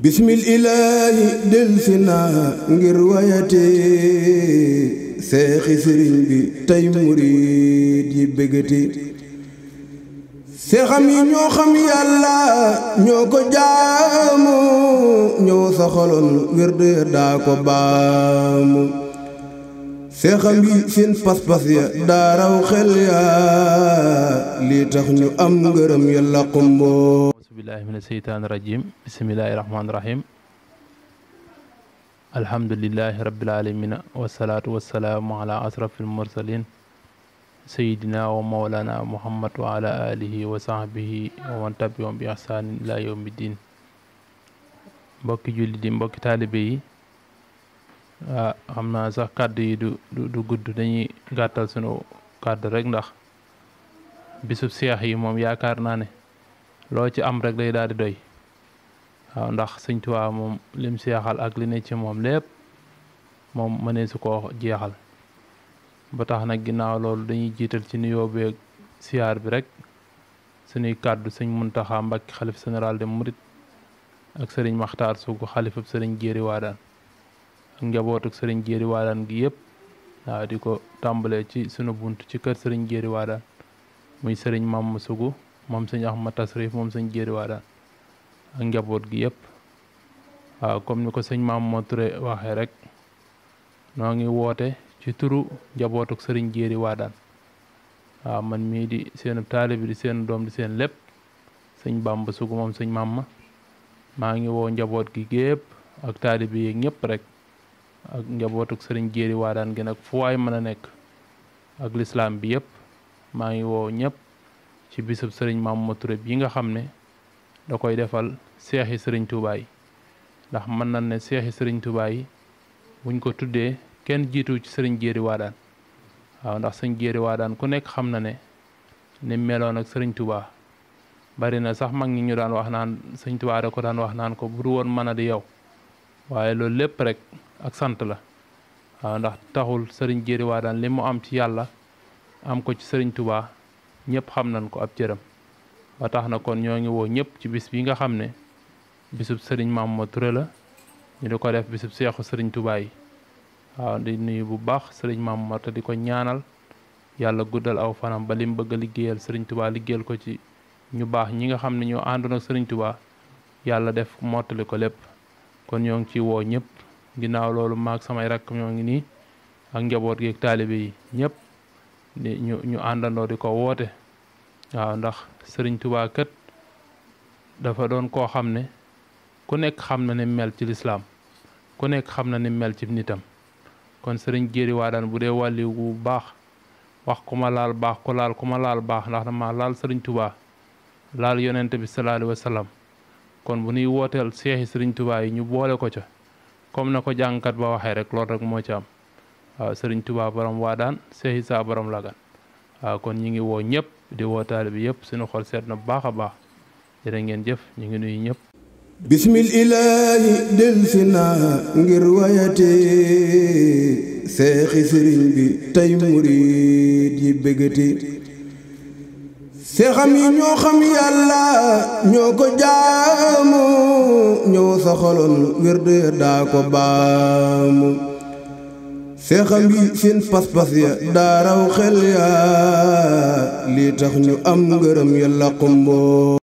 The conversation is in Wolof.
bismil ilaahi delsi naa ngir wayati seexi sëriñ bi tey murid yi bëggati seexam yi ñoo xam yàlla ñoo ko jaamu ñoo saxaloon wér de daa ko baamu seexam yi seen pas-pas ya daaraw xel ya lii tax ñu am ngërëm yàlla xumboo بالله من الشيطان الرجيم بسم الله الرحمن الرحيم الحمد لله رب العالمين والصلاة والسلام على أشرف المرسلين سيدنا ومولانا محمد وعلى آله وصحبه ومن تبعهم بإحسان إلى يوم الدين mbokki julli di mbokki taalibe yi ah xam naa sax kàddu yi du du gudd dañuy gàttal sunu kàddu يا كارناني loo ci am rek day daal di doy waaw ndax sëñ moom lim seexal ak li ne ci moom lépp moom mënee su koo jeexal ba tax nag ginnaaw loolu dañuy jiital ci nuyoo beeg siyaar bi rek suñuy kàddu sëñ Muntaxa Mbàkke xalif général de murit ak sëriñ Maxtaar Sugu xalifab sëriñ Jéeri Waadaan ak njabootuk sëriñ Jéeri Waadaan gi yëpp waaw di ko tàmbalee ci sunu bunt ci kër sëriñ Jéeri Waadaan muy sëriñ Mamm Sugu mom señ Ahmad Tasrif mom señ jeri wada ak njabot gi yep waaw comme niko señ mam mo Touré waxee rek no ngi woote ci turu señ jeri wada man mi di seen talib di seen dom di seen lepp señ bamba Sugu mom señ mam ma ma ngi wo njabot gi gep ak talib yi ñep rek ak njabootuk señ jeri Waadaan gi nak fu waay mën ak l'islam bi yep ma ngi wo ñep ci bisub sëriñ Mamouma Touré yi nga xam ne da koy defal seexi sëriñ Touba yi ndax mën nañ ne seexi sëriñ Touba yi buñ ko tuddee kenn jiitu ci sëriñ Jéeri Waadaan waaw ndax sëñ Jéeri Waadaan ku nekk xam na ne ni meloon ak sëriñ Touba bari na sax mag ngi ñu daan wax naan sëriñ Touba ko daan wax naan ko bu du woon mën a di yow waaye loolu lépp rek ak sant la waaw ndax taxul sëriñ Jéeri Waadaan li mu am ci yàlla am ko ci sëriñ Touba. ñëpp xam nañ ko ab jërëm ba tax na kon ñoo ngi woo ñëpp ci bis bi nga xam ne bisub sëriñ Mamadou Touré la ñu di ko def bisub seexu sëriñ Tuubaa yi waaw di nuyu bu baax sëriñ Mamadou te di ko ñaanal yàlla guddal aw fanam ba lim bëgg liggéeyal sëriñ Tuubaa liggéeyal ko ci ñu baax ñi nga xam ne ñoo àndoon ak sëriñ Tuubaa yàlla def mottali ko lépp kon ñoo ngi ci woo ñëpp ginnaaw loolu maag samay rakk ñoo ngi nii ak njaboot gi taalibe yi ñu ñu àndandoo di ko woote waaw ndax sëriñ Tuubaa kat dafa doon koo xam ne ku nekk xam na ni mel ci lislaam ku nekk xam na ni mel ci nitam kon sëriñ Jéeri Waadaan bu dee wàlli wu baax wax ku ma laal baax ku laal ku ma laal baax ndax dama laal sëriñ Tuubaa laal yonente bi sallallahu alayhi wa sallam kon bu nuy wooteel seexi sëriñ Tuubaa yi ñu boole ko ca comme na ko jàngkat ba waxee rek loolu rek moo ci am Ah, sering sëriñ tuba borom wadan seexi saa borom lagan ah, kon ñi ngi wo ñep di wo talib yep suñu xol set na baxa bax baax jërë ngeen jëf ñi ngi nuyu ñep bismil ilahi del sina ngir wayate seexi sëriñ bi tay murid yi bëggati seexam yi ñoo xam yalla ñoo ko jaamu ñoo sa xoloon wér ko baamu seexam yi seen pas-pas ya daaraw xel ya lii tax ñu am ngërëm yàlla xombo